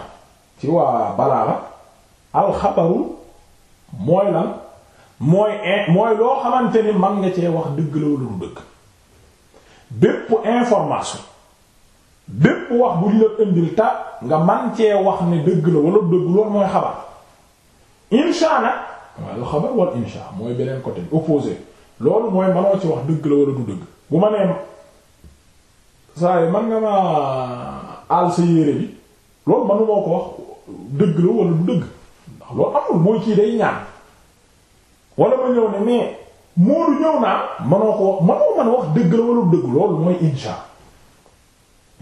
ci waa balaaga alxabaru mooy lan mooy mooy loo xamante ni man nga cee wax dëgg la wala du dëgg wax bu ñu la indil ta nga cee wax ne dëgg la wala dëgg loolu mooy xabar insha nag alxabar wala insha mooy beneen côté bi opposé loolu mooy manoo ci wax dëgg la wala du dëgg bu ma nee saa yi man nga ma aal sa yére bi loolu mënumoo ko wax dëgg la wala du dëgg ndax loolu amul mooy kii day ñaan wala ma ñëw ne mais Moodu ñëw naa mënoo ko wax mënoo mën wax dëgg la wala dëgg loolu mooy insha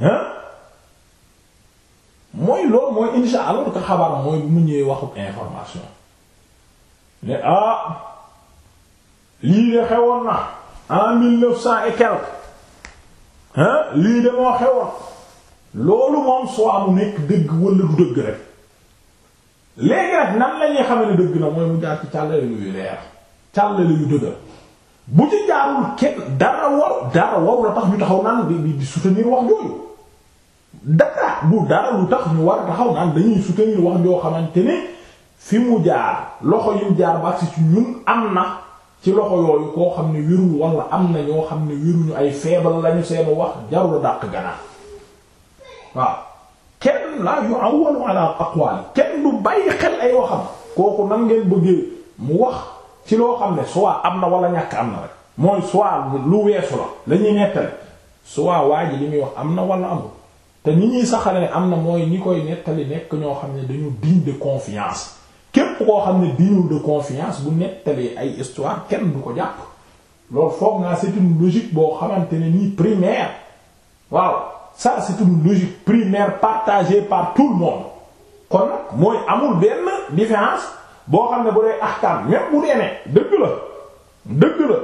ah mooy loolu mooy insha alors que xabaar mooy mu ñëwee waxu information ne ah lii de xewoon na en mille neuf cent et quelque hein lii de moo xewoon. loolu moom soo amu nekk dëgg wala du dëgg rek léegi nag nan lañuy xamee ne dëgg na mooy mu jaar ci càllale yu leer càllale yu dëgër bu ci jaarul kenn dara war dara la tax ñu taxaw naan di di soutenir wax jooju dara bu dara lu tax taxaw naan dañuy soutenir wax joo xamante ne fi mu jaar loxo yu jaar ba ci ñun am na ci loxo yooyu koo xam ne wérul wala am na ñoo xam ne wéruñu ay feebal lañu seen wax jarul dàq ganaar waaw kenn la yu awwalu ala aqwali kenn du bàyyi xel ay waxam kooku nan ngeen bëggee mu wax ci loo xam ne soit am na wala ñàkk am na rek mooy soit lu weesu la la ñuy soit waa ji li muy wax am na wala amul te ni ñuy saxalee am na mooy ñi koy nettali nekk ñoo xam ne dañu digne de confiance képp koo xam ne digne de confiance bu nettalee ay histoire kenn du ko jàpp loolu foog naa c'est logique boo xamante ne nii primaire waaw. ça c'est une logique primaire partagée par tout le monde kon nag mooy amul benn différence boo xam ne bu dee ahkaam même bu dee ne dëgg la dëgg la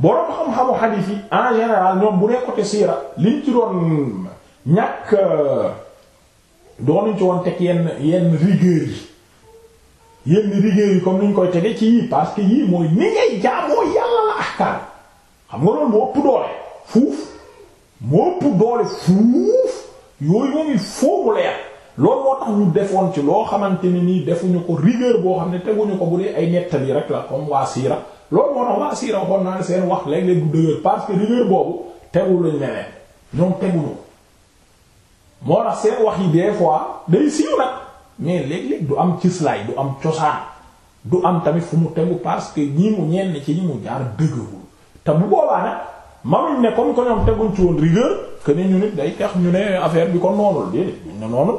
boroom xam-xamu xadiis yi en général ñoom bu dee côté siira liñ ci doon ñàkk euh, doonuñ ci woon teg yenn yenn rigueur yi yenn rigueur yi comme niñ koy tege ci yii parce que yii mooy ni ngay jaamoo yàlla ahkaam xam nga loolu moo ëpp doole fuuf moo ëpp doole fuuf yooyu moom il faut mu leer loolu moo tax ñu defoon ci loo xamante ne nii defuñu ko rigueur boo xam ne teguñu ko bu dee ay nettali rek la comme waa siira loolu moo tax waa siira xool naa seen wax léeg-léeg du dëgër parce que rigueur boobu tegu lañ leneen ñoom teguñu moo tax seen wax yi des fois day siiw nag mais léeg-léeg du am cislaay du am cosaan du am tamit fu mu tegu parce que ñi mu ñenn ci ñi mu jaar dëgërul manuñ ne comme que ñoom teguñ ci woon rigueur que ni ñu nit day tax ñu ne affaire bi ko noonul déedéet duñ ne noonu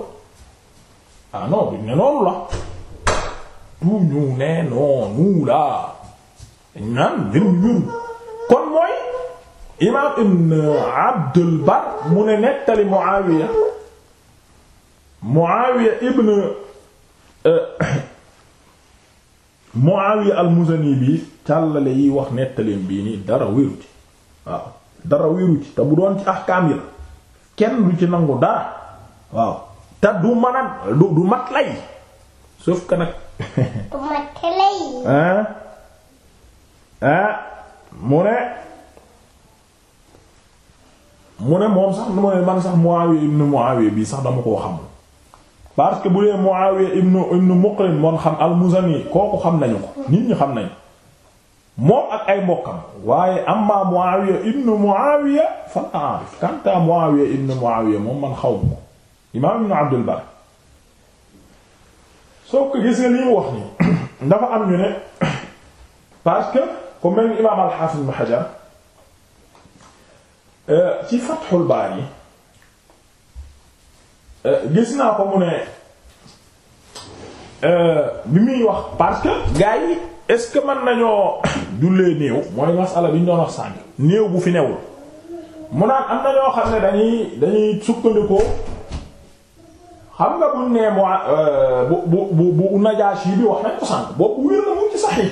ah ne noonu la duñu ne noonu la dañ naan mbir mi kon mooy imaam ibn Abdul Bar mu ne nettali Muawiya Muawiya ibn euh, Muawiya al-Muzani bi càllale yi wax nettalim bii nii dara wéru ci waaw dara wéru ci te bu doon ci ahkaam yi kenn du ci nangu dara waaw te du manal du du mat lay sauf que nag du mat lay ah mu ne mu ne moom sax nu ma man sax Muawiya ibnu Muawiya bii sax dama koo xamul parce que bu dee Muawiya ibnu ibnu Muqrin moon xam al-Muzani kooku xam nañu ko hmm. nit ñi xam nañu moom ak ay mbokkam waaye amma Muawiya ibn Muawiya fa aarif kanta Muawiya ibn Muawiya moom man xaw ma imaam ibn Abdul Bar soo gis nga li wax nii dafa am ñu ne parce que comme même imaam al-Hafiz ibn Hajar euh, ci Fathul euh, gis naa ko mu ne euh, bi muy wax parce que est-ce que man nañoo jullee néew mooy masala bi ñu doon wax sànq néew bu fi newul mu naan am na ñoo xam ne dañuy dañuy sukkandikoo xam nga buñ nee euh, bu bu bu bu Najaashi bi wax nañ ko sànq boobu wér na mu ci saxiix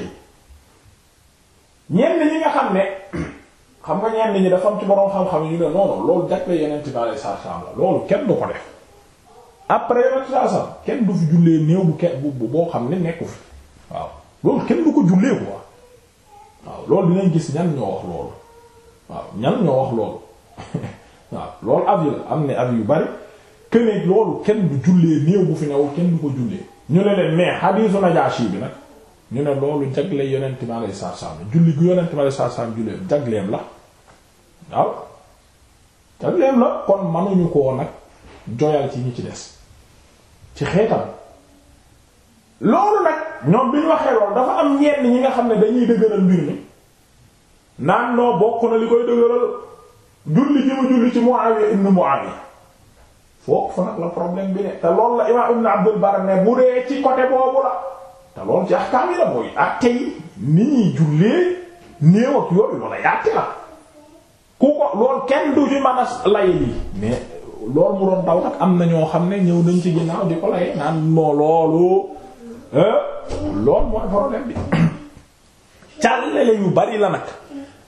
ñenn ñi nga xam ne xam nga ñenn ñi dafa am ci boroom xam-xam yu ne non non loolu jagle yeneen ci daal loolu kenn du ko def après yeneen sarsam kenn du fi jullee néew bu kenn bu boo xam ne nekku fi waaw. loolu kenn du ko jullee quoi waaw loolu dinañ gis ñan ñoo wax loolu waaw ñan ñoo wax loolu waaw loolu avis la am na avis yu bari que ne loolu kenn du jullee néew bu fi newul kenn du ko jullee ñu ne leen mais hadiisu Najaashi bi nag ñu ne loolu jagle yonent mi alayhi salaatu salaam julli gu yonent mi alayhi salaatu salaam julleem jagleem la waaw jagleem la kon mënuñu koo nag joyal ci ñu ci des ci xeetam loolu nag ñoom bi ñu waxee lool dafa am ñenn ñi nga xam ne dañuy dëgëral mbir mi naan noo bokk na li koy dëgëral julli ji mu julli ci Muawiya ibn Muawiya foofu fa nag la problème bi ne te loolu la imaam ibn Abdul Barr ne bu dee ci côté boobu la te loolu ci ahkaam yi la mooy atte yi ni ñuy jullee néew yooyu loolu ay atte la ku ko loolu kenn du ci mën a lay lii mais mu doon daw nag am na ñoo xam ne ñëw nañ ci ginnaaw di ko lay naan moo loolu Euh, loolu mooy problème bi càllale yu bari la nag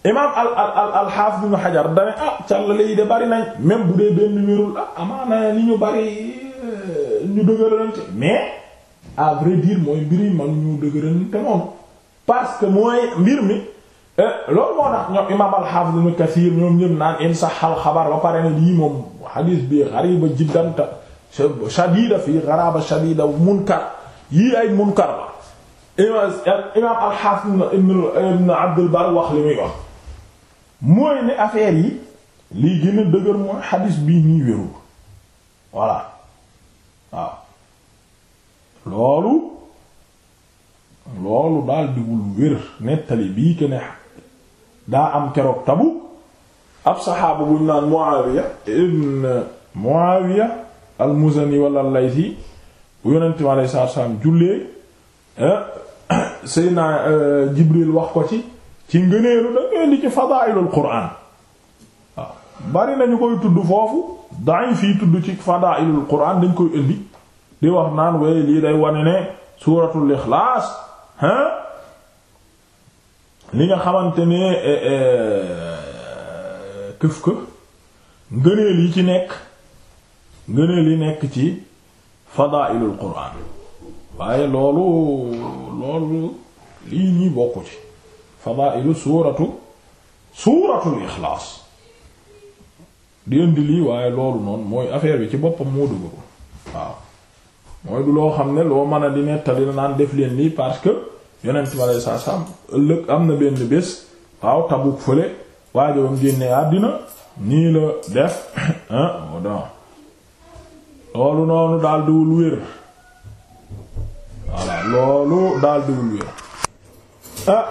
imaam al al al alxaafis ibnu xajar dane ah càllale yi de bari nañ même bu dee benn wérul ah amaana li ñu bari euh, ñu dëgëralante mais à vrai dire mooy mbir yi man ñu dëgëralante noonu parce que mooy mbir mi euh, loolu moo tax ñoom imaam alxaafis ibnu kasiir ñoom ñëpp naan in saxal xabar ba pare ne lii moom xadiis bi xariba jiddanta shadida fii xaraba shadida munkar yii ay munkar la imaam alxaafis ibn abdul bar wax li muy wax mooy ne affaire yi lii gën a dëgër mooy xadis bii nii wérul voilà waaw loolu loolu daal diwul wér nettali bii ke daa am keroog tabu ab saxaaba buñ naan Muawiya ibn Muawiya al-Muzani wala al-Laythi bu yonent bi alayhi salaatu salaam jullee eh, Seydina eh, Jibril wax ko ci ci ngëneelu da ngay li ci fadaa'ilul Qur'aan bari nañu koy tudd foofu daañu fii tudd ci fadaa'ilul Qur'aan dañ koy indi di wax naan waaye lii day wane ne suuratul Ixlaas ah li nga xamante ne eh, këf këf ngëneel yi ci nekk ngëneel yi nekk ci. fadaa'ilul quraan waaye loolu loolu lii ñuy bokku ci fadaa'ilu suuratu suuratul ixlaas di indi lii waaye loolu noonu mooy affaire bi ci boppam moo dugg waaw mooy du loo xam ne loo mën a di nettali na naan def leen lii parce que yonent bi aleyhi salaatu salaam ëllëg am na benn bés waaw Tabuk fële waaye ba mu génnee nii la def ah loolu noonu daal diwul wér voilà loolu daal diwul wér ah,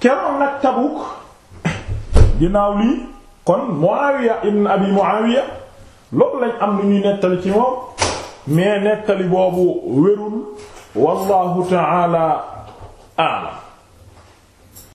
keroon nag Tabuk ginnaaw lii kon Muawiya ibn Abi Muawiya loolu lañ am lu ñuy nettali ci moom mais nettali boobu wérul wallahu ta'ala a'lam